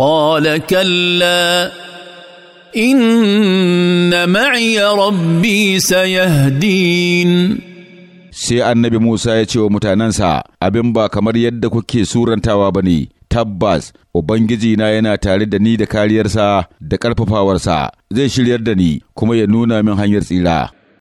قال كلا ان معي ربي سيهدين sai annabi Musa ya ce wa mutanensa abin ba kamar yadda kuke surantawa ba ne, tabbas na yana tare da ni da kariyarsa da ƙarfafawarsa zai shiryar da ni kuma ya nuna min hanyar tsira.